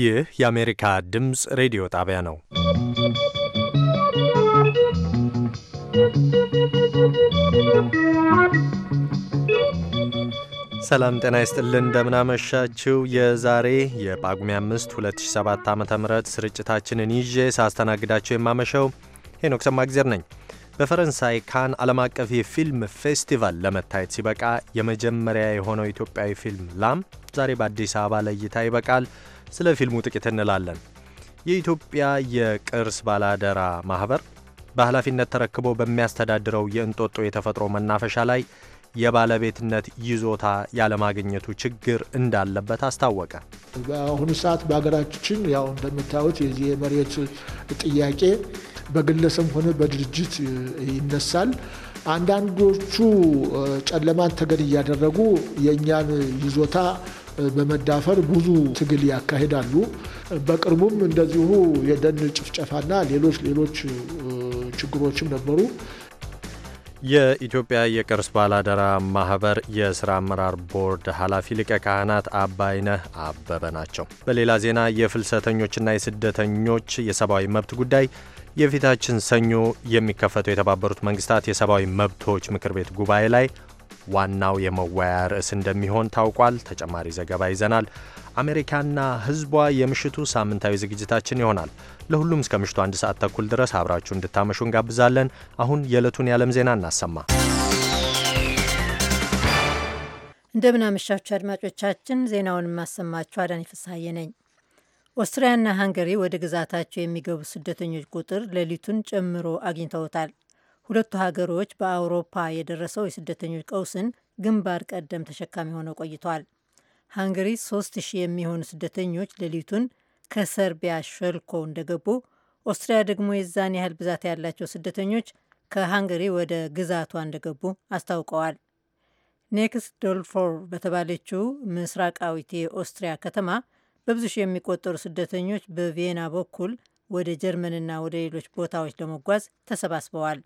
ይህ የአሜሪካ ድምፅ ሬዲዮ ጣቢያ ነው። ሰላም ጤና ይስጥልን። እንደምናመሻችው የዛሬ የጳጉሜ 5 2007 ዓ ም ስርጭታችንን ይዤ ሳስተናግዳቸው የማመሸው ሄኖክ ሰማግዜር ነኝ። በፈረንሳይ ካን ዓለም አቀፍ የፊልም ፌስቲቫል ለመታየት ሲበቃ የመጀመሪያ የሆነው ኢትዮጵያዊ ፊልም ላም ዛሬ በአዲስ አበባ ለእይታ ይበቃል። ስለ ፊልሙ ጥቂት እንላለን። የኢትዮጵያ የቅርስ ባላደራ ማኅበር በኃላፊነት ተረክቦ በሚያስተዳድረው የእንጦጦ የተፈጥሮ መናፈሻ ላይ የባለቤትነት ይዞታ ያለማግኘቱ ችግር እንዳለበት አስታወቀ። በአሁኑ ሰዓት በሀገራችን ያው እንደምታዩት የዚህ የመሬት ጥያቄ በግለሰብ ሆነ በድርጅት ይነሳል። አንዳንዶቹ ጨለማን ተገን እያደረጉ የእኛን ይዞታ በመዳፈር ብዙ ትግል ያካሂዳሉ። በቅርቡም እንደዚሁ የደን ጭፍጨፋና ሌሎች ሌሎች ችግሮችም ነበሩ። የኢትዮጵያ የቅርስ ባላደራ ማህበር የስራ አመራር ቦርድ ኃላፊ ሊቀ ካህናት አባይነህ አበበ ናቸው። በሌላ ዜና የፍልሰተኞችና የስደተኞች የሰብአዊ መብት ጉዳይ የፊታችን ሰኞ የሚከፈተው የተባበሩት መንግስታት የሰብአዊ መብቶች ምክር ቤት ጉባኤ ላይ ዋናው የመወያያ ርዕስ እንደሚሆን ታውቋል። ተጨማሪ ዘገባ ይዘናል። አሜሪካና ሕዝቧ የምሽቱ ሳምንታዊ ዝግጅታችን ይሆናል። ለሁሉም እስከ ምሽቱ አንድ ሰዓት ተኩል ድረስ አብራችሁ እንድታመሹ እንጋብዛለን። አሁን የዕለቱን የዓለም ዜና እናሰማ። እንደምናመሻችሁ አድማጮቻችን፣ ዜናውን የማሰማችሁ አዳኒ ፍስሐዬ ነኝ። ኦስትሪያና ሃንገሪ ወደ ግዛታቸው የሚገቡ ስደተኞች ቁጥር ሌሊቱን ጨምሮ አግኝተውታል። ሁለቱ ሀገሮች በአውሮፓ የደረሰው የስደተኞች ቀውስን ግንባር ቀደም ተሸካሚ ሆነው ቆይተዋል። ሃንገሪ ሶስት ሺህ የሚሆኑ ስደተኞች ሌሊቱን ከሰርቢያ ሸልኮ እንደገቡ፣ ኦስትሪያ ደግሞ የዛን ያህል ብዛት ያላቸው ስደተኞች ከሃንገሪ ወደ ግዛቷ እንደገቡ አስታውቀዋል። ኔክስ ዶልፎር በተባለችው ምስራቃዊት የኦስትሪያ ከተማ በብዙ ሺህ የሚቆጠሩ ስደተኞች በቪየና በኩል ወደ ጀርመንና ወደ ሌሎች ቦታዎች ለመጓዝ ተሰባስበዋል።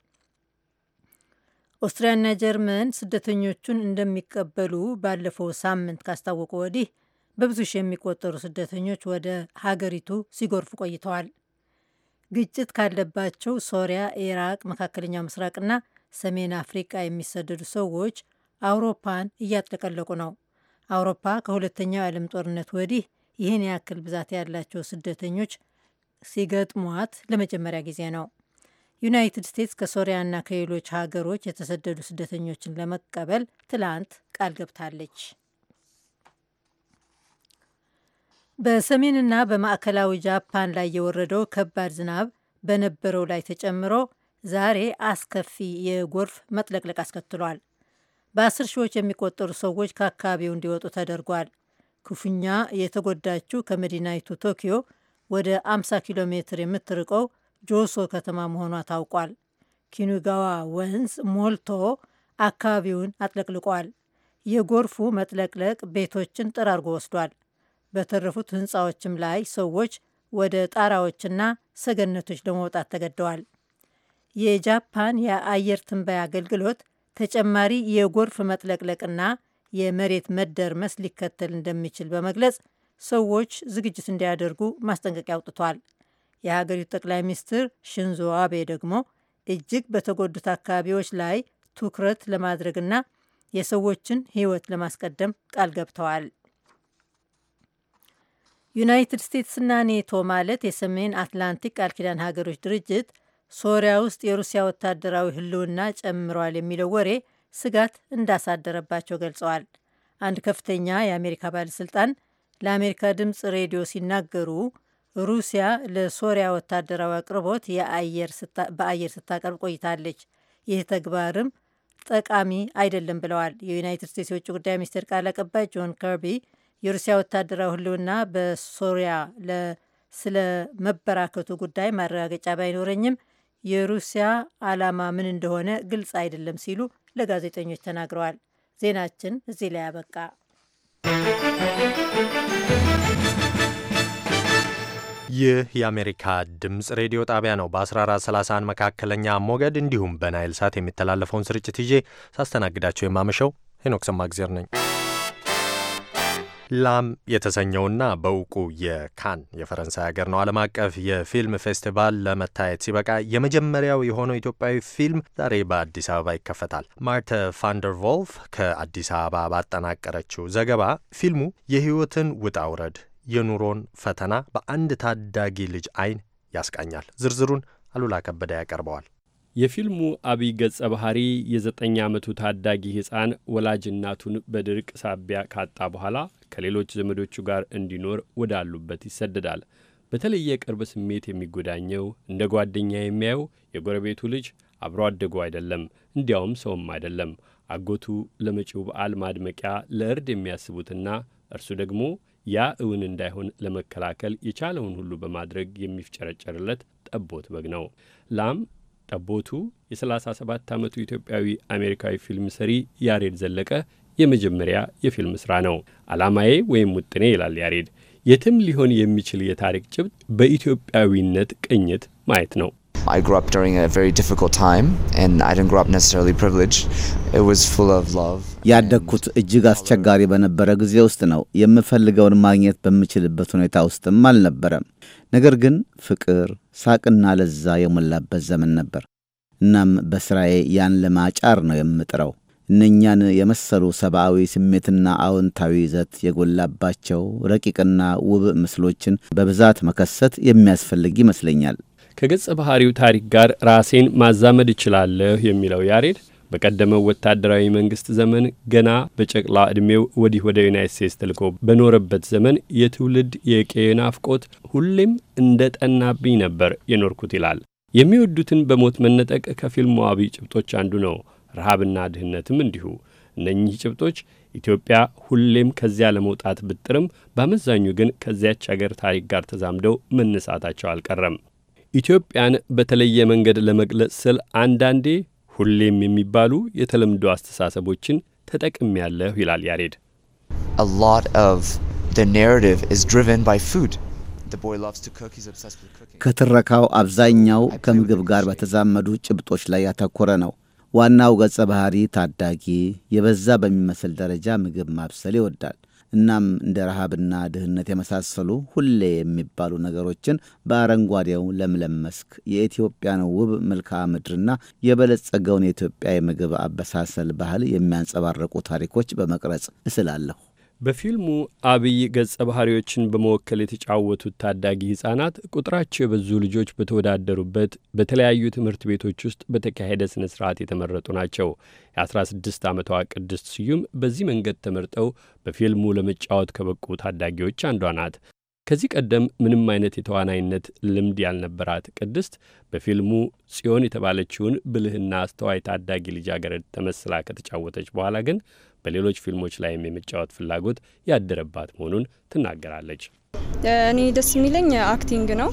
ኦስትሪያና ጀርመን ስደተኞቹን እንደሚቀበሉ ባለፈው ሳምንት ካስታወቁ ወዲህ በብዙ ሺህ የሚቆጠሩ ስደተኞች ወደ ሀገሪቱ ሲጎርፉ ቆይተዋል። ግጭት ካለባቸው ሶሪያ፣ ኢራቅ፣ መካከለኛው ምስራቅና ሰሜን አፍሪቃ የሚሰደዱ ሰዎች አውሮፓን እያጥለቀለቁ ነው። አውሮፓ ከሁለተኛው የዓለም ጦርነት ወዲህ ይህን ያክል ብዛት ያላቸው ስደተኞች ሲገጥሟት ለመጀመሪያ ጊዜ ነው። ዩናይትድ ስቴትስ ከሶሪያና ከሌሎች ሀገሮች የተሰደዱ ስደተኞችን ለመቀበል ትላንት ቃል ገብታለች። በሰሜንና በማዕከላዊ ጃፓን ላይ የወረደው ከባድ ዝናብ በነበረው ላይ ተጨምሮ ዛሬ አስከፊ የጎርፍ መጥለቅለቅ አስከትሏል። በአስር ሺዎች የሚቆጠሩ ሰዎች ከአካባቢው እንዲወጡ ተደርጓል። ክፉኛ የተጎዳችው ከመዲናይቱ ቶኪዮ ወደ 50 ኪሎ ሜትር የምትርቀው ጆሶ ከተማ መሆኗ ታውቋል። ኪኑጋዋ ወንዝ ሞልቶ አካባቢውን አጥለቅልቋል። የጎርፉ መጥለቅለቅ ቤቶችን ጠራርጎ ወስዷል። በተረፉት ህንፃዎችም ላይ ሰዎች ወደ ጣራዎችና ሰገነቶች ለመውጣት ተገደዋል። የጃፓን የአየር ትንበያ አገልግሎት ተጨማሪ የጎርፍ መጥለቅለቅና የመሬት መደርመስ ሊከተል እንደሚችል በመግለጽ ሰዎች ዝግጅት እንዲያደርጉ ማስጠንቀቂያ አውጥቷል። የሀገሪቱ ጠቅላይ ሚኒስትር ሽንዞ አቤ ደግሞ እጅግ በተጎዱት አካባቢዎች ላይ ትኩረት ለማድረግና የሰዎችን ሕይወት ለማስቀደም ቃል ገብተዋል። ዩናይትድ ስቴትስና ኔቶ ማለት የሰሜን አትላንቲክ ቃል ኪዳን ሀገሮች ድርጅት ሶሪያ ውስጥ የሩሲያ ወታደራዊ ህልውና ጨምሯል የሚለው ወሬ ስጋት እንዳሳደረባቸው ገልጸዋል። አንድ ከፍተኛ የአሜሪካ ባለሥልጣን ለአሜሪካ ድምፅ ሬዲዮ ሲናገሩ ሩሲያ ለሶሪያ ወታደራዊ አቅርቦት በአየር ስታቀርብ ቆይታለች፣ ይህ ተግባርም ጠቃሚ አይደለም ብለዋል። የዩናይትድ ስቴትስ የውጭ ጉዳይ ሚኒስትር ቃል አቀባይ ጆን ከርቢ የሩሲያ ወታደራዊ ሕልውና በሶሪያ ስለ መበራከቱ ጉዳይ ማረጋገጫ ባይኖረኝም የሩሲያ ዓላማ ምን እንደሆነ ግልጽ አይደለም ሲሉ ለጋዜጠኞች ተናግረዋል። ዜናችን እዚህ ላይ አበቃ። ይህ የአሜሪካ ድምፅ ሬዲዮ ጣቢያ ነው። በ1431 መካከለኛ ሞገድ እንዲሁም በናይል ሳት የሚተላለፈውን ስርጭት ይዤ ሳስተናግዳቸው የማመሸው ሄኖክ ሰማግዜር ነኝ። ላም የተሰኘውና በእውቁ የካን የፈረንሳይ ሀገር ነው ዓለም አቀፍ የፊልም ፌስቲቫል ለመታየት ሲበቃ የመጀመሪያው የሆነው ኢትዮጵያዊ ፊልም ዛሬ በአዲስ አበባ ይከፈታል። ማርተ ፋንደርቮልፍ ከአዲስ አበባ ባጠናቀረችው ዘገባ ፊልሙ የህይወትን ውጣ ውረድ፣ የኑሮን ፈተና በአንድ ታዳጊ ልጅ አይን ያስቃኛል። ዝርዝሩን አሉላ ከበደ ያቀርበዋል። የፊልሙ አብይ ገጸ ባህሪ የዘጠኝ ዓመቱ ታዳጊ ሕፃን ወላጅ እናቱን በድርቅ ሳቢያ ካጣ በኋላ ከሌሎች ዘመዶቹ ጋር እንዲኖር ወዳሉበት ይሰደዳል። በተለየ ቅርብ ስሜት የሚጎዳኘው እንደ ጓደኛ የሚያየው የጎረቤቱ ልጅ አብሮ አደጉ አይደለም፣ እንዲያውም ሰውም አይደለም። አጎቱ ለመጪው በዓል ማድመቂያ ለእርድ የሚያስቡትና እርሱ ደግሞ ያ እውን እንዳይሆን ለመከላከል የቻለውን ሁሉ በማድረግ የሚፍጨረጨርለት ጠቦት በግ ነው። ላም ጠቦቱ የ37 ዓመቱ ኢትዮጵያዊ አሜሪካዊ ፊልም ሰሪ ያሬድ ዘለቀ የመጀመሪያ የፊልም ሥራ ነው። ዓላማዬ ወይም ውጥኔ ይላል ያሬድ፣ የትም ሊሆን የሚችል የታሪክ ጭብጥ በኢትዮጵያዊነት ቅኝት ማየት ነው። ያደግኩት እጅግ አስቸጋሪ በነበረ ጊዜ ውስጥ ነው። የምፈልገውን ማግኘት በምችልበት ሁኔታ ውስጥም አልነበረም። ነገር ግን ፍቅር፣ ሳቅና ለዛ የሞላበት ዘመን ነበር። እናም በስራዬ ያን ለማጫር ነው የምጥረው። እነኛን የመሰሉ ሰብአዊ ስሜትና አዎንታዊ ይዘት የጎላባቸው ረቂቅና ውብ ምስሎችን በብዛት መከሰት የሚያስፈልግ ይመስለኛል። ከገጸ ባህሪው ታሪክ ጋር ራሴን ማዛመድ እችላለሁ የሚለው ያሬድ በቀደመው ወታደራዊ መንግስት ዘመን ገና በጨቅላ ዕድሜው ወዲህ ወደ ዩናይት ስቴትስ ተልኮ በኖረበት ዘመን የትውልድ የቀዬ ናፍቆት ሁሌም እንደ ጠናብኝ ነበር የኖርኩት ይላል። የሚወዱትን በሞት መነጠቅ ከፊልሙ አብይ ጭብጦች አንዱ ነው። ረሃብና ድህነትም እንዲሁ። እነኚህ ጭብጦች ኢትዮጵያ ሁሌም ከዚያ ለመውጣት ብጥርም በአመዛኙ ግን ከዚያች አገር ታሪክ ጋር ተዛምደው መነሳታቸው አልቀረም። ኢትዮጵያን በተለየ መንገድ ለመግለጽ ስል አንዳንዴ ሁሌም የሚባሉ የተለምዶ አስተሳሰቦችን ተጠቅም ያለሁ ይላል ያሬድ። ከትረካው አብዛኛው ከምግብ ጋር በተዛመዱ ጭብጦች ላይ ያተኮረ ነው። ዋናው ገጸ ባህሪ ታዳጊ የበዛ በሚመስል ደረጃ ምግብ ማብሰል ይወዳል። እናም እንደ ረሃብና ድህነት የመሳሰሉ ሁሌ የሚባሉ ነገሮችን በአረንጓዴው ለምለም መስክ የኢትዮጵያን ውብ መልክዓ ምድርና የበለጸገውን የኢትዮጵያ የምግብ አበሳሰል ባህል የሚያንጸባርቁ ታሪኮች በመቅረጽ እስላለሁ። በፊልሙ አብይ ገጸ ባህሪዎችን በመወከል የተጫወቱት ታዳጊ ሕፃናት ቁጥራቸው የበዙ ልጆች በተወዳደሩበት በተለያዩ ትምህርት ቤቶች ውስጥ በተካሄደ ሥነ ሥርዓት የተመረጡ ናቸው። የ16 ዓመቷ ቅድስት ስዩም በዚህ መንገድ ተመርጠው በፊልሙ ለመጫወት ከበቁ ታዳጊዎች አንዷ ናት። ከዚህ ቀደም ምንም አይነት የተዋናይነት ልምድ ያልነበራት ቅድስት በፊልሙ ጽዮን የተባለችውን ብልህና አስተዋይ ታዳጊ ልጃገረድ ተመስላ ከተጫወተች በኋላ ግን በሌሎች ፊልሞች ላይም የመጫወት ፍላጎት ያደረባት መሆኑን ትናገራለች። እኔ ደስ የሚለኝ አክቲንግ ነው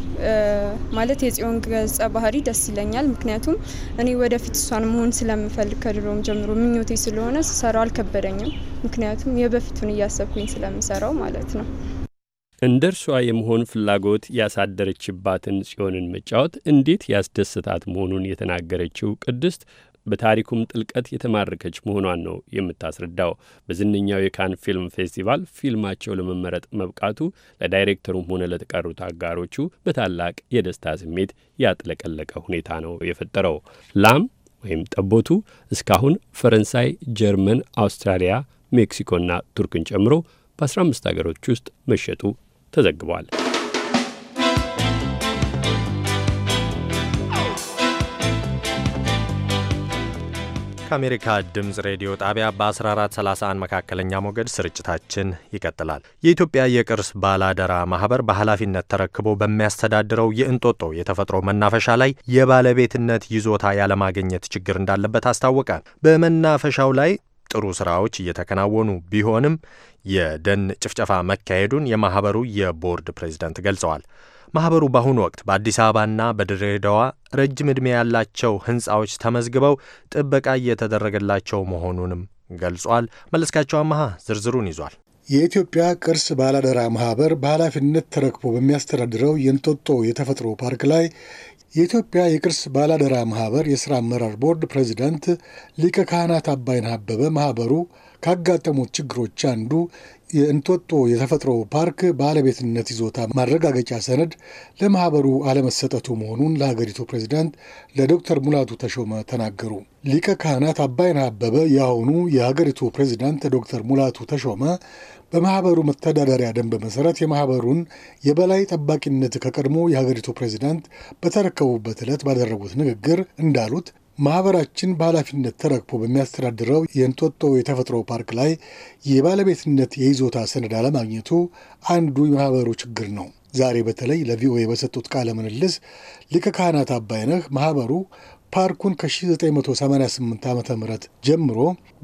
ማለት የጽዮን ገጸ ባህሪ ደስ ይለኛል። ምክንያቱም እኔ ወደፊት እሷን መሆን ስለምፈልግ ከድሮም ጀምሮ ምኞቴ ስለሆነ ስሰራው አልከበደኝም። ምክንያቱም የበፊቱን እያሰብኩኝ ስለምሰራው ማለት ነው። እንደ እርሷ የመሆን ፍላጎት ያሳደረችባትን ጽዮንን መጫወት እንዴት ያስደስታት መሆኑን የተናገረችው ቅድስት በታሪኩም ጥልቀት የተማረከች መሆኗን ነው የምታስረዳው። በዝነኛው የካን ፊልም ፌስቲቫል ፊልማቸው ለመመረጥ መብቃቱ ለዳይሬክተሩም ሆነ ለተቀሩት አጋሮቹ በታላቅ የደስታ ስሜት ያጥለቀለቀ ሁኔታ ነው የፈጠረው። ላም ወይም ጠቦቱ እስካሁን ፈረንሳይ፣ ጀርመን፣ አውስትራሊያ፣ ሜክሲኮና ቱርክን ጨምሮ በ15 አገሮች ውስጥ መሸጡ ተዘግቧል። ከአሜሪካ ድምፅ ሬዲዮ ጣቢያ በ1431 መካከለኛ ሞገድ ስርጭታችን ይቀጥላል። የኢትዮጵያ የቅርስ ባላደራ ማህበር በኃላፊነት ተረክቦ በሚያስተዳድረው የእንጦጦ የተፈጥሮ መናፈሻ ላይ የባለቤትነት ይዞታ ያለማግኘት ችግር እንዳለበት አስታወቀ። በመናፈሻው ላይ ጥሩ ስራዎች እየተከናወኑ ቢሆንም የደን ጭፍጨፋ መካሄዱን የማህበሩ የቦርድ ፕሬዝደንት ገልጸዋል። ማህበሩ በአሁኑ ወቅት በአዲስ አበባና በድሬዳዋ ረጅም ዕድሜ ያላቸው ህንፃዎች ተመዝግበው ጥበቃ እየተደረገላቸው መሆኑንም ገልጿል። መለስካቸው አመሃ ዝርዝሩን ይዟል። የኢትዮጵያ ቅርስ ባላደራ ማህበር በኃላፊነት ተረክቦ በሚያስተዳድረው የእንጦጦ የተፈጥሮ ፓርክ ላይ የኢትዮጵያ የቅርስ ባላደራ ማህበር የሥራ አመራር ቦርድ ፕሬዚዳንት ሊቀ ካህናት አባይን አበበ ማህበሩ ካጋጠሙት ችግሮች አንዱ የእንጦጦ የተፈጥሮ ፓርክ ባለቤትነት ይዞታ ማረጋገጫ ሰነድ ለማህበሩ አለመሰጠቱ መሆኑን ለሀገሪቱ ፕሬዚዳንት ለዶክተር ሙላቱ ተሾመ ተናገሩ። ሊቀ ካህናት አባይን አበበ የአሁኑ የሀገሪቱ ፕሬዚዳንት ዶክተር ሙላቱ ተሾመ በማህበሩ መተዳደሪያ ደንብ መሰረት የማህበሩን የበላይ ጠባቂነት ከቀድሞ የሀገሪቱ ፕሬዚዳንት በተረከቡበት ዕለት ባደረጉት ንግግር እንዳሉት ማህበራችን በኃላፊነት ተረክቦ በሚያስተዳድረው የእንጦጦ የተፈጥሮ ፓርክ ላይ የባለቤትነት የይዞታ ሰነድ አለማግኘቱ አንዱ የማህበሩ ችግር ነው። ዛሬ በተለይ ለቪኦኤ በሰጡት ቃለ ምልልስ ሊቀ ካህናት አባይነህ ማህበሩ ፓርኩን ከ1988 ዓ ም ጀምሮ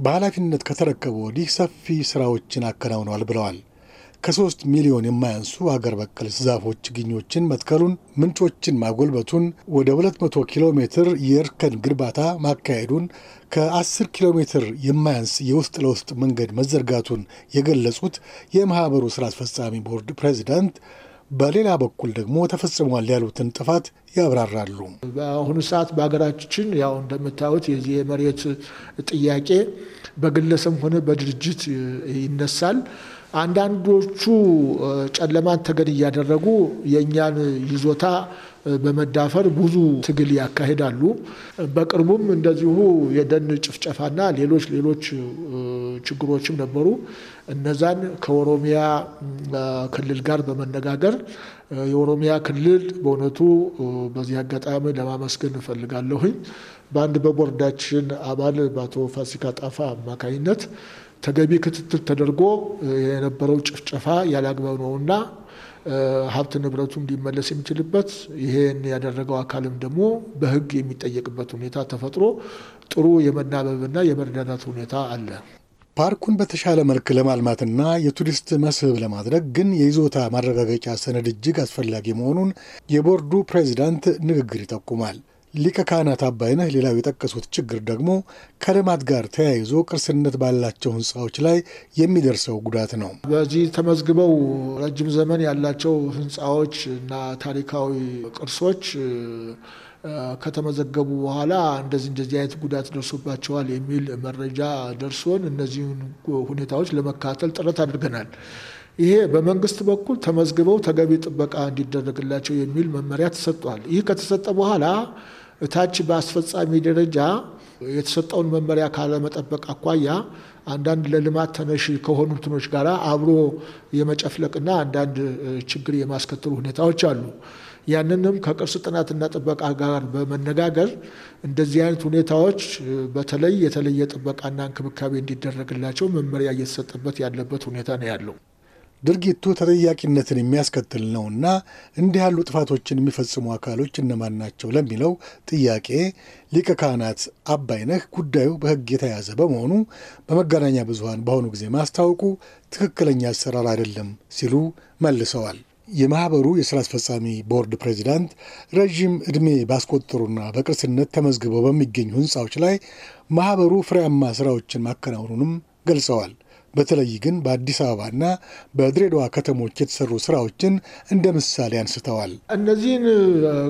በኃላፊነት ከተረከቡ ወዲህ ሰፊ ስራዎችን አከናውነዋል ብለዋል። ከሶስት ሚሊዮን የማያንሱ አገር በቀል ዛፎች ችግኞችን መትከሉን፣ ምንጮችን ማጎልበቱን፣ ወደ 200 ኪሎ ሜትር የእርከን ግንባታ ማካሄዱን፣ ከ10 ኪሎ ሜትር የማያንስ የውስጥ ለውስጥ መንገድ መዘርጋቱን የገለጹት የማህበሩ ስራ አስፈጻሚ ቦርድ ፕሬዚዳንት በሌላ በኩል ደግሞ ተፈጽሟል ያሉትን ጥፋት ያብራራሉ። በአሁኑ ሰዓት በሀገራችን ያው እንደምታዩት የዚህ የመሬት ጥያቄ በግለሰብ ሆነ በድርጅት ይነሳል። አንዳንዶቹ ጨለማን ተገን እያደረጉ የእኛን ይዞታ በመዳፈር ብዙ ትግል ያካሂዳሉ። በቅርቡም እንደዚሁ የደን ጭፍጨፋና ሌሎች ሌሎች ችግሮችም ነበሩ። እነዛን ከኦሮሚያ ክልል ጋር በመነጋገር የኦሮሚያ ክልል በእውነቱ በዚህ አጋጣሚ ለማመስገን እፈልጋለሁኝ። በአንድ በቦርዳችን አባል በአቶ ፋሲካ ጣፋ አማካኝነት ተገቢ ክትትል ተደርጎ የነበረው ጭፍጨፋ ያላግባብ ነውና ሀብት ንብረቱ እንዲመለስ የሚችልበት ይሄን ያደረገው አካልም ደግሞ በህግ የሚጠየቅበት ሁኔታ ተፈጥሮ ጥሩ የመናበብና የመረዳዳት ሁኔታ አለ። ፓርኩን በተሻለ መልክ ለማልማትና የቱሪስት መስህብ ለማድረግ ግን የይዞታ ማረጋገጫ ሰነድ እጅግ አስፈላጊ መሆኑን የቦርዱ ፕሬዚዳንት ንግግር ይጠቁማል። ሊቀ ካህናት አባይነህ ሌላው የጠቀሱት ችግር ደግሞ ከልማት ጋር ተያይዞ ቅርስነት ባላቸው ህንፃዎች ላይ የሚደርሰው ጉዳት ነው። በዚህ ተመዝግበው ረጅም ዘመን ያላቸው ህንፃዎች እና ታሪካዊ ቅርሶች ከተመዘገቡ በኋላ እንደዚህ እንደዚህ አይነት ጉዳት ደርሶባቸዋል የሚል መረጃ ደርሶን እነዚህን ሁኔታዎች ለመካተል ጥረት አድርገናል። ይሄ በመንግስት በኩል ተመዝግበው ተገቢ ጥበቃ እንዲደረግላቸው የሚል መመሪያ ተሰጥቷል። ይህ ከተሰጠ በኋላ እታች በአስፈጻሚ ደረጃ የተሰጠውን መመሪያ ካለመጠበቅ አኳያ አንዳንድ ለልማት ተነሽ ከሆኑ እንትኖች ጋር አብሮ የመጨፍለቅና አንዳንድ ችግር የማስከተሉ ሁኔታዎች አሉ። ያንንም ከቅርስ ጥናትና ጥበቃ ጋር በመነጋገር እንደዚህ አይነት ሁኔታዎች በተለይ የተለየ ጥበቃና እንክብካቤ እንዲደረግላቸው መመሪያ እየተሰጠበት ያለበት ሁኔታ ነው ያለው። ድርጊቱ ተጠያቂነትን የሚያስከትል ነውና እንዲህ ያሉ ጥፋቶችን የሚፈጽሙ አካሎች እነማን ናቸው ለሚለው ጥያቄ ሊቀ ካህናት አባይነህ ጉዳዩ በሕግ የተያዘ በመሆኑ በመገናኛ ብዙኃን በአሁኑ ጊዜ ማስታወቁ ትክክለኛ አሰራር አይደለም ሲሉ መልሰዋል። የማህበሩ የስራ አስፈጻሚ ቦርድ ፕሬዚዳንት ረዥም ዕድሜ ባስቆጠሩና በቅርስነት ተመዝግበው በሚገኙ ህንፃዎች ላይ ማህበሩ ፍሬያማ ስራዎችን ማከናወኑንም ገልጸዋል። በተለይ ግን በአዲስ አበባና በድሬዳዋ ከተሞች የተሰሩ ስራዎችን እንደ ምሳሌ አንስተዋል። እነዚህን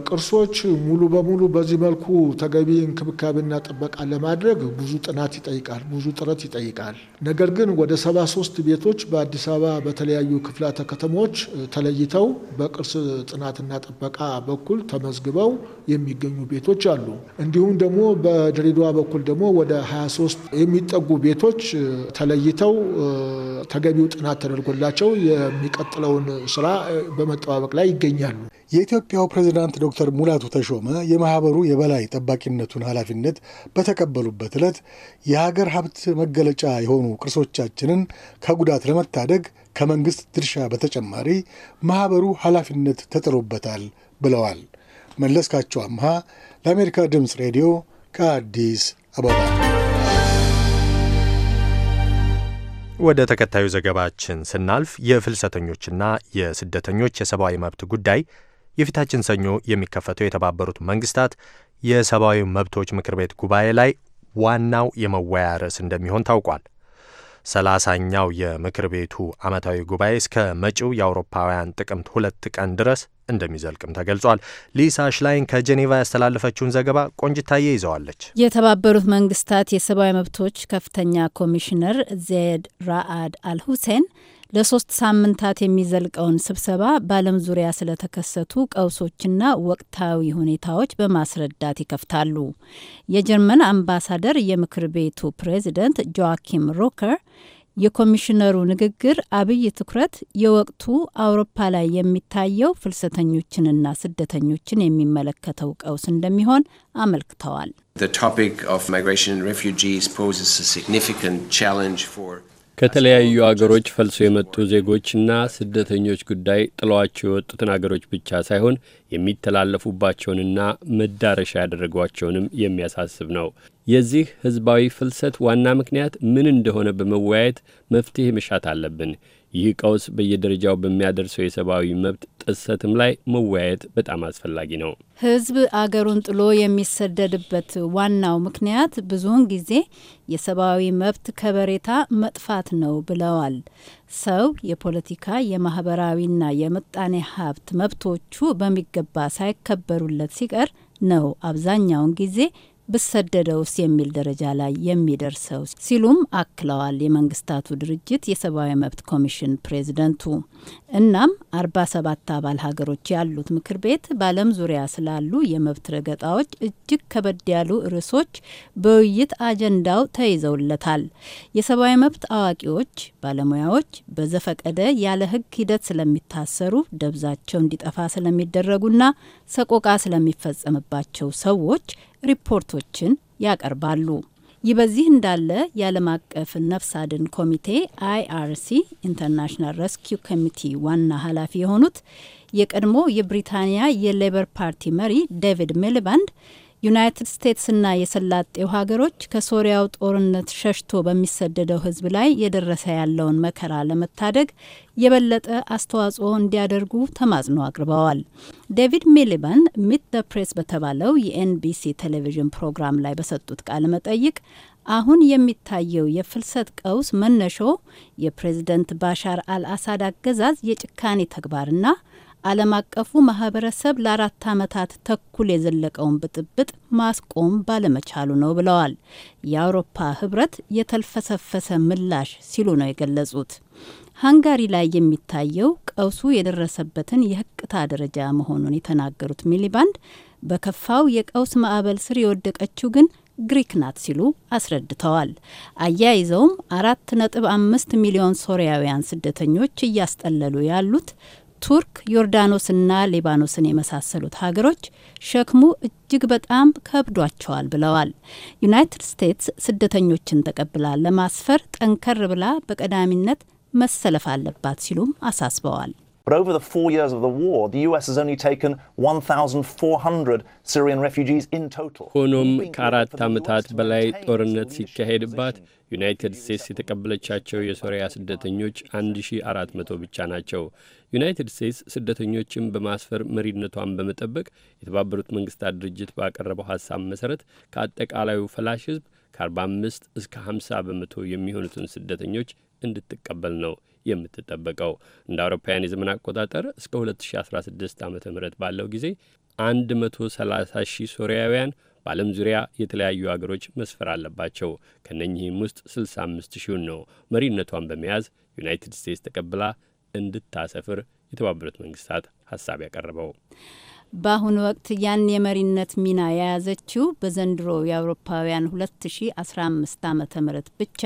ቅርሶች ሙሉ በሙሉ በዚህ መልኩ ተገቢ እንክብካቤና ጥበቃ ለማድረግ ብዙ ጥናት ይጠይቃል፣ ብዙ ጥረት ይጠይቃል። ነገር ግን ወደ 73 ቤቶች በአዲስ አበባ በተለያዩ ክፍላተ ከተሞች ተለይተው በቅርስ ጥናትና ጥበቃ በኩል ተመዝግበው የሚገኙ ቤቶች አሉ። እንዲሁም ደግሞ በድሬዳዋ በኩል ደግሞ ወደ 23 የሚጠጉ ቤቶች ተለይተው ተገቢው ጥናት ተደርጎላቸው የሚቀጥለውን ስራ በመጠባበቅ ላይ ይገኛሉ። የኢትዮጵያው ፕሬዝዳንት ዶክተር ሙላቱ ተሾመ የማህበሩ የበላይ ጠባቂነቱን ኃላፊነት በተቀበሉበት ዕለት የሀገር ሀብት መገለጫ የሆኑ ቅርሶቻችንን ከጉዳት ለመታደግ ከመንግስት ድርሻ በተጨማሪ ማህበሩ ኃላፊነት ተጥሎበታል ብለዋል። መለስካቸው አምሃ ለአሜሪካ ድምፅ ሬዲዮ ከአዲስ አበባ ወደ ተከታዩ ዘገባችን ስናልፍ የፍልሰተኞችና የስደተኞች የሰብአዊ መብት ጉዳይ የፊታችን ሰኞ የሚከፈተው የተባበሩት መንግስታት የሰብአዊ መብቶች ምክር ቤት ጉባኤ ላይ ዋናው የመወያ ርዕስ እንደሚሆን ታውቋል። ሰላሳኛው የምክር ቤቱ ዓመታዊ ጉባኤ እስከ መጪው የአውሮፓውያን ጥቅምት ሁለት ቀን ድረስ እንደሚዘልቅም ተገልጿል። ሊሳ ሽላይን ከጄኔቫ ያስተላለፈችውን ዘገባ ቆንጅታዬ ይዘዋለች። የተባበሩት መንግስታት የሰብአዊ መብቶች ከፍተኛ ኮሚሽነር ዜድ ራአድ አልሁሴን ለሶስት ሳምንታት የሚዘልቀውን ስብሰባ በዓለም ዙሪያ ስለተከሰቱ ቀውሶችና ወቅታዊ ሁኔታዎች በማስረዳት ይከፍታሉ። የጀርመን አምባሳደር የምክር ቤቱ ፕሬዚደንት ጆዋኪም ሮከር የኮሚሽነሩ ንግግር አብይ ትኩረት የወቅቱ አውሮፓ ላይ የሚታየው ፍልሰተኞችንና ስደተኞችን የሚመለከተው ቀውስ እንደሚሆን አመልክተዋል። ከተለያዩ አገሮች ፈልሶ የመጡ ዜጎችና ስደተኞች ጉዳይ ጥለዋቸው የወጡትን አገሮች ብቻ ሳይሆን የሚተላለፉባቸውንና መዳረሻ ያደረጓቸውንም የሚያሳስብ ነው። የዚህ ህዝባዊ ፍልሰት ዋና ምክንያት ምን እንደሆነ በመወያየት መፍትሄ መሻት አለብን። ይህ ቀውስ በየደረጃው በሚያደርሰው የሰብአዊ መብት ጥሰትም ላይ መወያየት በጣም አስፈላጊ ነው። ህዝብ አገሩን ጥሎ የሚሰደድበት ዋናው ምክንያት ብዙውን ጊዜ የሰብአዊ መብት ከበሬታ መጥፋት ነው ብለዋል። ሰው የፖለቲካ የማህበራዊና የምጣኔ ሀብት መብቶቹ በሚገባ ሳይከበሩለት ሲቀር ነው አብዛኛውን ጊዜ ብሰደደውስ የሚል ደረጃ ላይ የሚደርሰው ሲሉም አክለዋል። የመንግስታቱ ድርጅት የሰብአዊ መብት ኮሚሽን ፕሬዝደንቱ። እናም 47 አባል ሀገሮች ያሉት ምክር ቤት በዓለም ዙሪያ ስላሉ የመብት ረገጣዎች እጅግ ከበድ ያሉ ርዕሶች በውይይት አጀንዳው ተይዘውለታል። የሰብአዊ መብት አዋቂዎች፣ ባለሙያዎች በዘፈቀደ ያለ ሕግ ሂደት ስለሚታሰሩ ደብዛቸው እንዲጠፋ ስለሚደረጉና ሰቆቃ ስለሚፈጸምባቸው ሰዎች ሪፖርቶችን ያቀርባሉ። ይህ በዚህ እንዳለ የዓለም አቀፍ ነፍስ አድን ኮሚቴ አይአርሲ ኢንተርናሽናል ረስኪው ኮሚቲ ዋና ኃላፊ የሆኑት የቀድሞ የብሪታንያ የሌበር ፓርቲ መሪ ዴቪድ ሚሊባንድ ዩናይትድ ስቴትስና የሰላጤው ሀገሮች ከሶሪያው ጦርነት ሸሽቶ በሚሰደደው ሕዝብ ላይ የደረሰ ያለውን መከራ ለመታደግ የበለጠ አስተዋጽኦ እንዲያደርጉ ተማጽኖ አቅርበዋል። ዴቪድ ሚሊበን ሚት ደ ፕሬስ በተባለው የኤንቢሲ ቴሌቪዥን ፕሮግራም ላይ በሰጡት ቃለ መጠይቅ አሁን የሚታየው የፍልሰት ቀውስ መነሾ የፕሬዝደንት ባሻር አልአሳድ አገዛዝ የጭካኔ ተግባርና ዓለም አቀፉ ማህበረሰብ ለአራት ዓመታት ተኩል የዘለቀውን ብጥብጥ ማስቆም ባለመቻሉ ነው ብለዋል። የአውሮፓ ህብረት የተልፈሰፈሰ ምላሽ ሲሉ ነው የገለጹት። ሃንጋሪ ላይ የሚታየው ቀውሱ የደረሰበትን የህቅታ ደረጃ መሆኑን የተናገሩት ሚሊባንድ በከፋው የቀውስ ማዕበል ስር የወደቀችው ግን ግሪክ ናት ሲሉ አስረድተዋል። አያይዘውም አራት ነጥብ አምስት ሚሊዮን ሶሪያውያን ስደተኞች እያስጠለሉ ያሉት ቱርክ፣ ዮርዳኖስና ሊባኖስን የመሳሰሉት ሀገሮች ሸክሙ እጅግ በጣም ከብዷቸዋል ብለዋል። ዩናይትድ ስቴትስ ስደተኞችን ተቀብላ ለማስፈር ጠንከር ብላ በቀዳሚነት መሰለፍ አለባት ሲሉም አሳስበዋል። But over the four years of the war, the US has only taken 1,400 Syrian refugees in total. ሆኖም ከአራት ዓመታት በላይ ጦርነት ሲካሄድባት ዩናይትድ ስቴትስ የተቀበለቻቸው የሶሪያ ስደተኞች 1400 ብቻ ናቸው። ዩናይትድ ስቴትስ ስደተኞችን በማስፈር መሪነቷን በመጠበቅ የተባበሩት መንግስታት ድርጅት ባቀረበው ሀሳብ መሠረት ከአጠቃላዩ ፈላሽ ሕዝብ ከ45 እስከ 50 በመቶ የሚሆኑትን ስደተኞች እንድትቀበል ነው የምትጠበቀው። እንደ አውሮፓውያን የዘመን አቆጣጠር እስከ 2016 ዓ ም ባለው ጊዜ 130 ሺህ ሶሪያውያን በዓለም ዙሪያ የተለያዩ አገሮች መስፈር አለባቸው። ከነኚህም ውስጥ 65 ሺውን ነው መሪነቷን በመያዝ ዩናይትድ ስቴትስ ተቀብላ እንድታሰፍር የተባበሩት መንግስታት ሀሳብ ያቀረበው። በአሁኑ ወቅት ያን የመሪነት ሚና የያዘችው በዘንድሮ የአውሮፓውያን 2015 ዓ ም ብቻ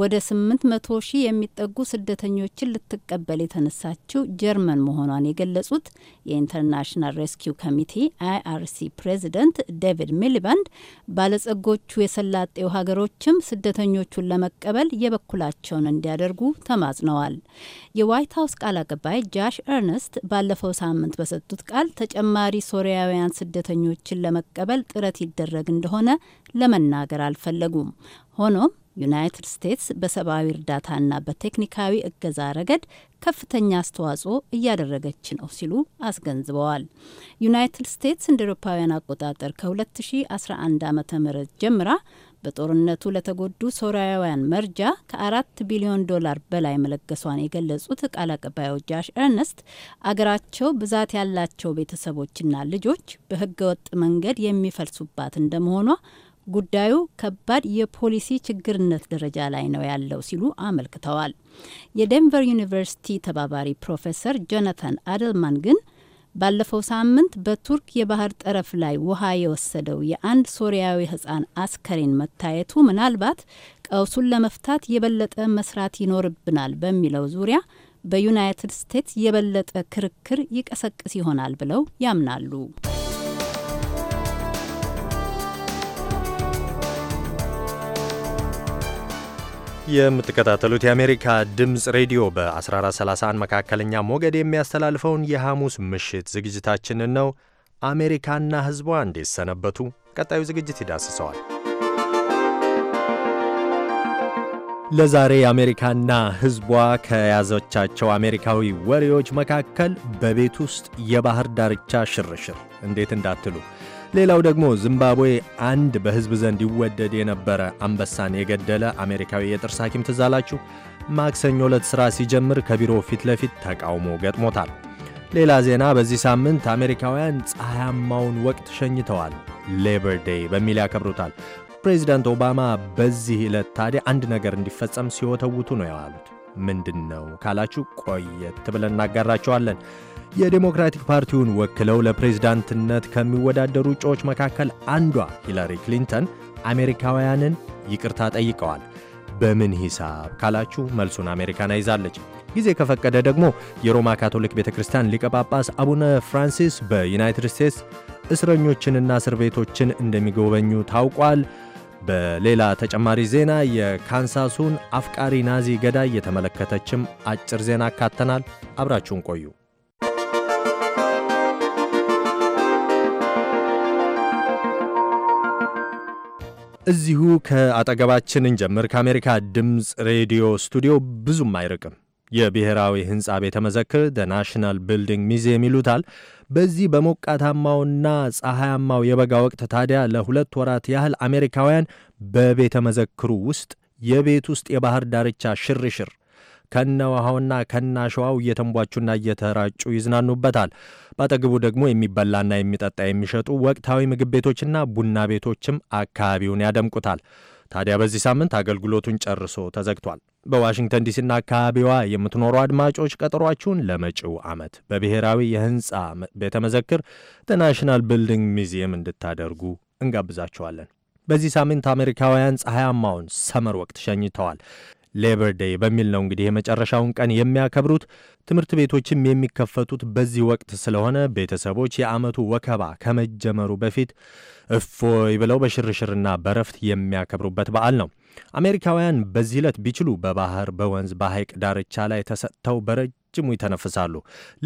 ወደ 800 ሺህ የሚጠጉ ስደተኞችን ልትቀበል የተነሳችው ጀርመን መሆኗን የገለጹት የኢንተርናሽናል ሬስኪው ኮሚቴ አይአርሲ ፕሬዚደንት ዴቪድ ሚሊባንድ ባለጸጎቹ የሰላጤው ሀገሮችም ስደተኞቹን ለመቀበል የበኩላቸውን እንዲያደርጉ ተማጽነዋል። የዋይት ሀውስ ቃል አቀባይ ጃሽ ኤርነስት ባለፈው ሳምንት በሰጡት ቃል ተጨማሪ ሶሪያውያን ስደተኞችን ለመቀበል ጥረት ይደረግ እንደሆነ ለመናገር አልፈለጉም። ሆኖም ዩናይትድ ስቴትስ በሰብአዊ እርዳታና በቴክኒካዊ እገዛ ረገድ ከፍተኛ አስተዋጽኦ እያደረገች ነው ሲሉ አስገንዝበዋል። ዩናይትድ ስቴትስ እንደ ኤሮፓውያን አቆጣጠር ከ2011 ዓ ም ጀምራ በጦርነቱ ለተጎዱ ሶሪያውያን መርጃ ከአራት ቢሊዮን ዶላር በላይ መለገሷን የገለጹት ቃል አቀባዩ ጆሽ ኤርነስት አገራቸው ብዛት ያላቸው ቤተሰቦችና ልጆች በህገወጥ መንገድ የሚፈልሱባት እንደመሆኗ ጉዳዩ ከባድ የፖሊሲ ችግርነት ደረጃ ላይ ነው ያለው ሲሉ አመልክተዋል። የዴንቨር ዩኒቨርሲቲ ተባባሪ ፕሮፌሰር ጆናታን አደልማን ግን ባለፈው ሳምንት በቱርክ የባህር ጠረፍ ላይ ውሃ የወሰደው የአንድ ሶሪያዊ ሕፃን አስከሬን መታየቱ ምናልባት ቀውሱን ለመፍታት የበለጠ መስራት ይኖርብናል በሚለው ዙሪያ በዩናይትድ ስቴትስ የበለጠ ክርክር ይቀሰቅስ ይሆናል ብለው ያምናሉ። የምትከታተሉት የአሜሪካ ድምፅ ሬዲዮ በ1431 መካከለኛ ሞገድ የሚያስተላልፈውን የሐሙስ ምሽት ዝግጅታችንን ነው። አሜሪካና ሕዝቧ እንዴት ሰነበቱ? ቀጣዩ ዝግጅት ይዳስሰዋል። ለዛሬ አሜሪካና ሕዝቧ ከያዘቻቸው አሜሪካዊ ወሬዎች መካከል በቤት ውስጥ የባህር ዳርቻ ሽርሽር እንዴት እንዳትሉ ሌላው ደግሞ ዚምባብዌ አንድ በሕዝብ ዘንድ ይወደድ የነበረ አንበሳን የገደለ አሜሪካዊ የጥርስ ሐኪም ትዛላችሁ? ማክሰኞ ዕለት ሥራ ሲጀምር ከቢሮው ፊት ለፊት ተቃውሞ ገጥሞታል። ሌላ ዜና በዚህ ሳምንት አሜሪካውያን ፀሐያማውን ወቅት ሸኝተዋል። ሌበር ዴይ በሚል ያከብሩታል። ፕሬዚዳንት ኦባማ በዚህ ዕለት ታዲያ አንድ ነገር እንዲፈጸም ሲወተውቱ ነው የዋሉት። ምንድን ነው ካላችሁ ቆየት ብለን እናጋራችኋለን። የዴሞክራቲክ ፓርቲውን ወክለው ለፕሬዝዳንትነት ከሚወዳደሩ እጩዎች መካከል አንዷ ሂላሪ ክሊንተን አሜሪካውያንን ይቅርታ ጠይቀዋል። በምን ሂሳብ ካላችሁ መልሱን አሜሪካና ይዛለች። ጊዜ ከፈቀደ ደግሞ የሮማ ካቶሊክ ቤተ ክርስቲያን ሊቀ ጳጳስ አቡነ ፍራንሲስ በዩናይትድ ስቴትስ እስረኞችንና እስር ቤቶችን እንደሚጎበኙ ታውቋል። በሌላ ተጨማሪ ዜና የካንሳሱን አፍቃሪ ናዚ ገዳይ የተመለከተችም አጭር ዜና አካተናል። አብራችሁን ቆዩ። እዚሁ ከአጠገባችን እንጀምር። ከአሜሪካ ድምፅ ሬዲዮ ስቱዲዮ ብዙም አይርቅም የብሔራዊ ሕንፃ ቤተ መዘክር ደ ናሽናል ቢልዲንግ ሚዚየም ይሉታል። በዚህ በሞቃታማውና ፀሐያማው የበጋ ወቅት ታዲያ ለሁለት ወራት ያህል አሜሪካውያን በቤተ መዘክሩ ውስጥ የቤት ውስጥ የባህር ዳርቻ ሽርሽር ከነ ውሃውና ከነ አሸዋው እየተንቧቹና እየተራጩ ይዝናኑበታል። በአጠገቡ ደግሞ የሚበላና የሚጠጣ የሚሸጡ ወቅታዊ ምግብ ቤቶችና ቡና ቤቶችም አካባቢውን ያደምቁታል። ታዲያ በዚህ ሳምንት አገልግሎቱን ጨርሶ ተዘግቷል። በዋሽንግተን ዲሲና አካባቢዋ የምትኖሩ አድማጮች ቀጠሯችሁን ለመጪው ዓመት በብሔራዊ የህንፃ ቤተ መዘክር ናሽናል ቢልዲንግ ሚዚየም እንድታደርጉ እንጋብዛችኋለን። በዚህ ሳምንት አሜሪካውያን ፀሐያማውን ሰመር ወቅት ሸኝተዋል። ሌበር ዴይ በሚል ነው እንግዲህ የመጨረሻውን ቀን የሚያከብሩት። ትምህርት ቤቶችም የሚከፈቱት በዚህ ወቅት ስለሆነ ቤተሰቦች የዓመቱ ወከባ ከመጀመሩ በፊት እፎይ ብለው በሽርሽርና በረፍት የሚያከብሩበት በዓል ነው። አሜሪካውያን በዚህ ዕለት ቢችሉ በባህር፣ በወንዝ፣ በሐይቅ ዳርቻ ላይ ተሰጥተው በረጅሙ ይተነፍሳሉ።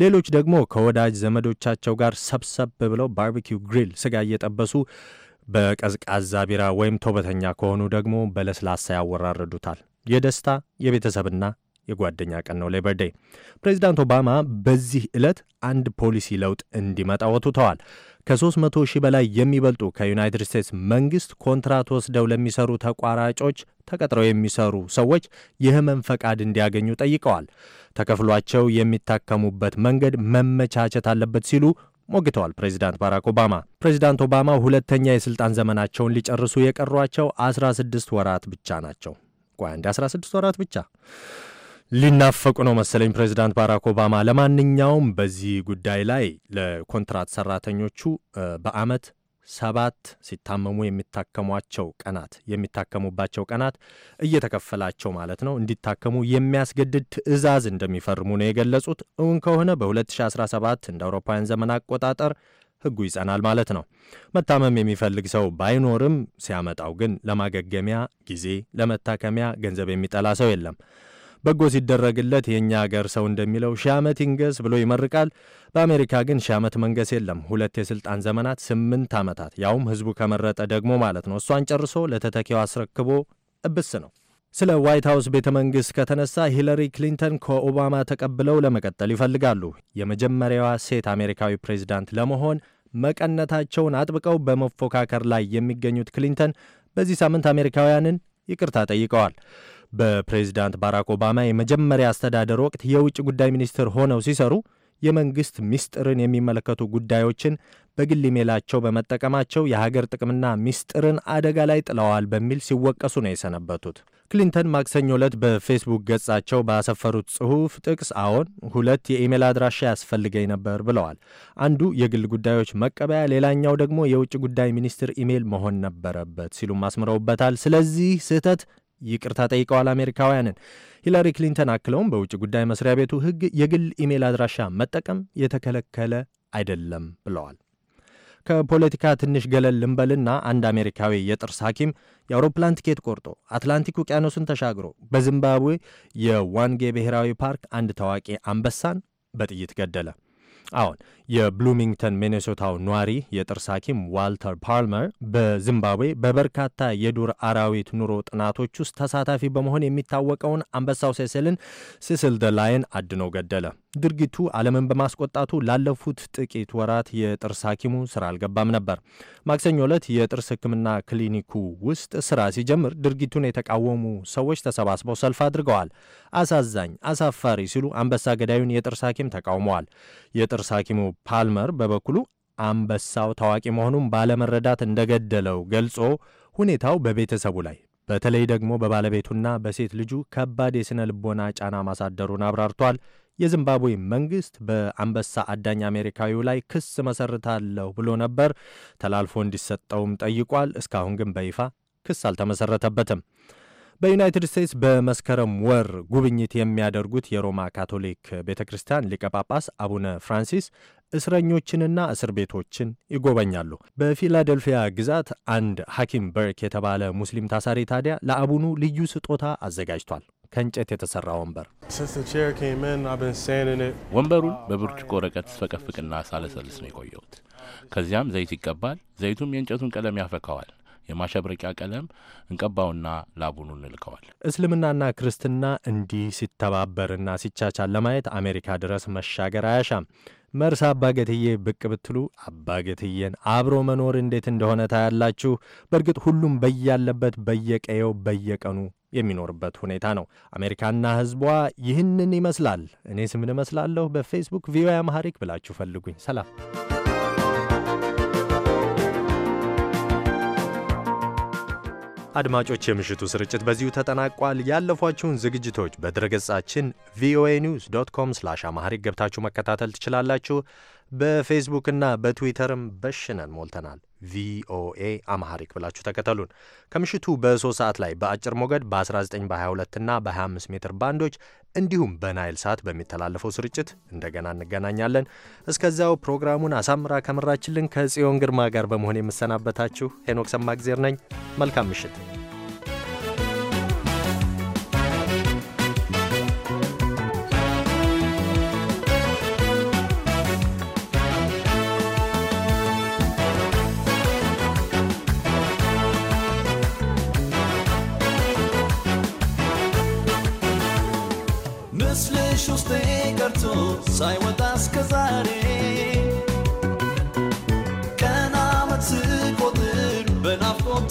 ሌሎች ደግሞ ከወዳጅ ዘመዶቻቸው ጋር ሰብሰብ ብለው ባርቢኪው ግሪል ስጋ እየጠበሱ በቀዝቃዛ ቢራ ወይም ተውበተኛ ከሆኑ ደግሞ በለስላሳ ያወራረዱታል። የደስታ የቤተሰብና የጓደኛ ቀን ነው ሌበር ዴይ። ፕሬዚዳንት ኦባማ በዚህ ዕለት አንድ ፖሊሲ ለውጥ እንዲመጣ ወትውተዋል። ከ300 ሺህ በላይ የሚበልጡ ከዩናይትድ ስቴትስ መንግሥት ኮንትራት ወስደው ለሚሰሩ ተቋራጮች ተቀጥረው የሚሰሩ ሰዎች የሕመም ፈቃድ እንዲያገኙ ጠይቀዋል። ተከፍሏቸው የሚታከሙበት መንገድ መመቻቸት አለበት ሲሉ ሞግተዋል ፕሬዚዳንት ባራክ ኦባማ። ፕሬዚዳንት ኦባማ ሁለተኛ የሥልጣን ዘመናቸውን ሊጨርሱ የቀሯቸው 16 ወራት ብቻ ናቸው። ከአንድ 16 ወራት ብቻ ሊናፈቁ ነው መሰለኝ ፕሬዚዳንት ባራክ ኦባማ። ለማንኛውም በዚህ ጉዳይ ላይ ለኮንትራት ሰራተኞቹ በአመት ሰባት ሲታመሙ የሚታከሟቸው ቀናት የሚታከሙባቸው ቀናት እየተከፈላቸው ማለት ነው እንዲታከሙ የሚያስገድድ ትዕዛዝ እንደሚፈርሙ ነው የገለጹት። እውን ከሆነ በ2017 እንደ አውሮፓውያን ዘመን አቆጣጠር ህጉ ይጸናል ማለት ነው። መታመም የሚፈልግ ሰው ባይኖርም ሲያመጣው ግን ለማገገሚያ ጊዜ፣ ለመታከሚያ ገንዘብ የሚጠላ ሰው የለም። በጎ ሲደረግለት የእኛ አገር ሰው እንደሚለው ሺህ ዓመት ይንገስ ብሎ ይመርቃል። በአሜሪካ ግን ሺህ ዓመት መንገስ የለም። ሁለት የሥልጣን ዘመናት ስምንት ዓመታት፣ ያውም ሕዝቡ ከመረጠ ደግሞ ማለት ነው። እሷን ጨርሶ ለተተኪው አስረክቦ እብስ ነው። ስለ ዋይት ሀውስ ቤተ መንግሥት ከተነሳ ሂለሪ ክሊንተን ከኦባማ ተቀብለው ለመቀጠል ይፈልጋሉ። የመጀመሪያዋ ሴት አሜሪካዊ ፕሬዚዳንት ለመሆን መቀነታቸውን አጥብቀው በመፎካከር ላይ የሚገኙት ክሊንተን በዚህ ሳምንት አሜሪካውያንን ይቅርታ ጠይቀዋል። በፕሬዚዳንት ባራክ ኦባማ የመጀመሪያ አስተዳደር ወቅት የውጭ ጉዳይ ሚኒስትር ሆነው ሲሰሩ የመንግሥት ምስጢርን የሚመለከቱ ጉዳዮችን በግል ኢሜላቸው በመጠቀማቸው የሀገር ጥቅምና ሚስጥርን አደጋ ላይ ጥለዋል በሚል ሲወቀሱ ነው የሰነበቱት። ክሊንተን ማክሰኞ ዕለት በፌስቡክ ገጻቸው ባሰፈሩት ጽሑፍ ጥቅስ አዎን፣ ሁለት የኢሜል አድራሻ ያስፈልገኝ ነበር ብለዋል። አንዱ የግል ጉዳዮች መቀበያ፣ ሌላኛው ደግሞ የውጭ ጉዳይ ሚኒስትር ኢሜል መሆን ነበረበት ሲሉም አስምረውበታል። ስለዚህ ስህተት ይቅርታ ጠይቀዋል አሜሪካውያንን። ሂላሪ ክሊንተን አክለውም በውጭ ጉዳይ መስሪያ ቤቱ ሕግ የግል ኢሜል አድራሻ መጠቀም የተከለከለ አይደለም ብለዋል። ከፖለቲካ ትንሽ ገለል ልንበልና አንድ አሜሪካዊ የጥርስ ሐኪም የአውሮፕላን ትኬት ቆርጦ አትላንቲክ ውቅያኖስን ተሻግሮ በዚምባብዌ የዋንጌ ብሔራዊ ፓርክ አንድ ታዋቂ አንበሳን በጥይት ገደለ። አሁን የብሉሚንግተን ሚኔሶታው ኗሪ የጥርስ ሐኪም ዋልተር ፓልመር በዚምባብዌ በበርካታ የዱር አራዊት ኑሮ ጥናቶች ውስጥ ተሳታፊ በመሆን የሚታወቀውን አንበሳው ሴሴልን ሲስል ደ ላየን አድኖ ገደለ። ድርጊቱ ዓለምን በማስቆጣቱ ላለፉት ጥቂት ወራት የጥርስ ሐኪሙ ስራ አልገባም ነበር። ማክሰኞ ዕለት የጥርስ ሕክምና ክሊኒኩ ውስጥ ስራ ሲጀምር ድርጊቱን የተቃወሙ ሰዎች ተሰባስበው ሰልፍ አድርገዋል። አሳዛኝ፣ አሳፋሪ ሲሉ አንበሳ ገዳዩን የጥርስ ሐኪም ተቃውመዋል። የጥርስ ሐኪሙ ፓልመር በበኩሉ አንበሳው ታዋቂ መሆኑን ባለመረዳት እንደገደለው ገልጾ ሁኔታው በቤተሰቡ ላይ በተለይ ደግሞ በባለቤቱና በሴት ልጁ ከባድ የሥነ ልቦና ጫና ማሳደሩን አብራርቷል። የዚምባብዌ መንግሥት በአንበሳ አዳኝ አሜሪካዊው ላይ ክስ መሰርታለሁ ብሎ ነበር። ተላልፎ እንዲሰጠውም ጠይቋል። እስካሁን ግን በይፋ ክስ አልተመሰረተበትም። በዩናይትድ ስቴትስ በመስከረም ወር ጉብኝት የሚያደርጉት የሮማ ካቶሊክ ቤተ ክርስቲያን ሊቀ ጳጳስ አቡነ ፍራንሲስ እስረኞችንና እስር ቤቶችን ይጎበኛሉ። በፊላደልፊያ ግዛት አንድ ሐኪም በርክ የተባለ ሙስሊም ታሳሪ ታዲያ ለአቡኑ ልዩ ስጦታ አዘጋጅቷል። ከእንጨት የተሰራ ወንበር። ወንበሩን በብርጭቆ ወረቀት ስፈቀፍቅና ሳለሰልስ ነው የቆየሁት። ከዚያም ዘይት ይቀባል። ዘይቱም የእንጨቱን ቀለም ያፈካዋል። የማሸብረቂያ ቀለም እንቀባውና ላቡኑ እንልከዋል። እስልምናና ክርስትና እንዲህ ሲተባበርና ሲቻቻል ለማየት አሜሪካ ድረስ መሻገር አያሻም። መርሳ አባገትዬ ብቅ ብትሉ አባገትዬን አብሮ መኖር እንዴት እንደሆነ ታያላችሁ። በእርግጥ ሁሉም በያለበት በየቀየው በየቀኑ የሚኖርበት ሁኔታ ነው። አሜሪካና ሕዝቧ ይህንን ይመስላል። እኔ ስምን እመስላለሁ? በፌስቡክ ቪኦኤ አማሐሪክ ብላችሁ ፈልጉኝ። ሰላም አድማጮች የምሽቱ ስርጭት በዚሁ ተጠናቋል። ያለፏችሁን ዝግጅቶች በድረገጻችን ቪኦኤ ኒውስ ዶት ኮም ስላሽ አማሐሪክ ገብታችሁ መከታተል ትችላላችሁ። በፌስቡክና በትዊተርም በሽነን ሞልተናል። ቪኦኤ አማሐሪክ ብላችሁ ተከተሉን። ከምሽቱ በሶስት ሰዓት ላይ በአጭር ሞገድ በ19 በ22 እና በ25 ሜትር ባንዶች እንዲሁም በናይል ሳት በሚተላለፈው ስርጭት እንደገና እንገናኛለን። እስከዚያው ፕሮግራሙን አሳምራ ከምራችልን ከጽዮን ግርማ ጋር በመሆን የምሰናበታችሁ ሄኖክ ሰማግዜር ነኝ። መልካም ምሽት።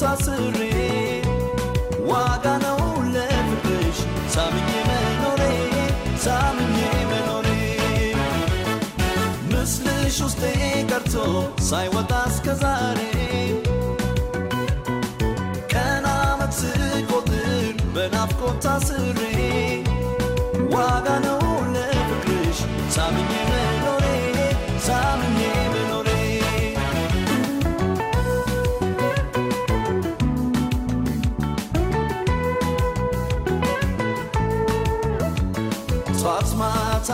ተሳስሬ ዋጋ ነው ለፍቅሽ ሳምኜ መኖሬ ሳምኜ መኖሬ ምስልሽ ውስጤ ቀርቶ ሳይወጣ እስከዛሬ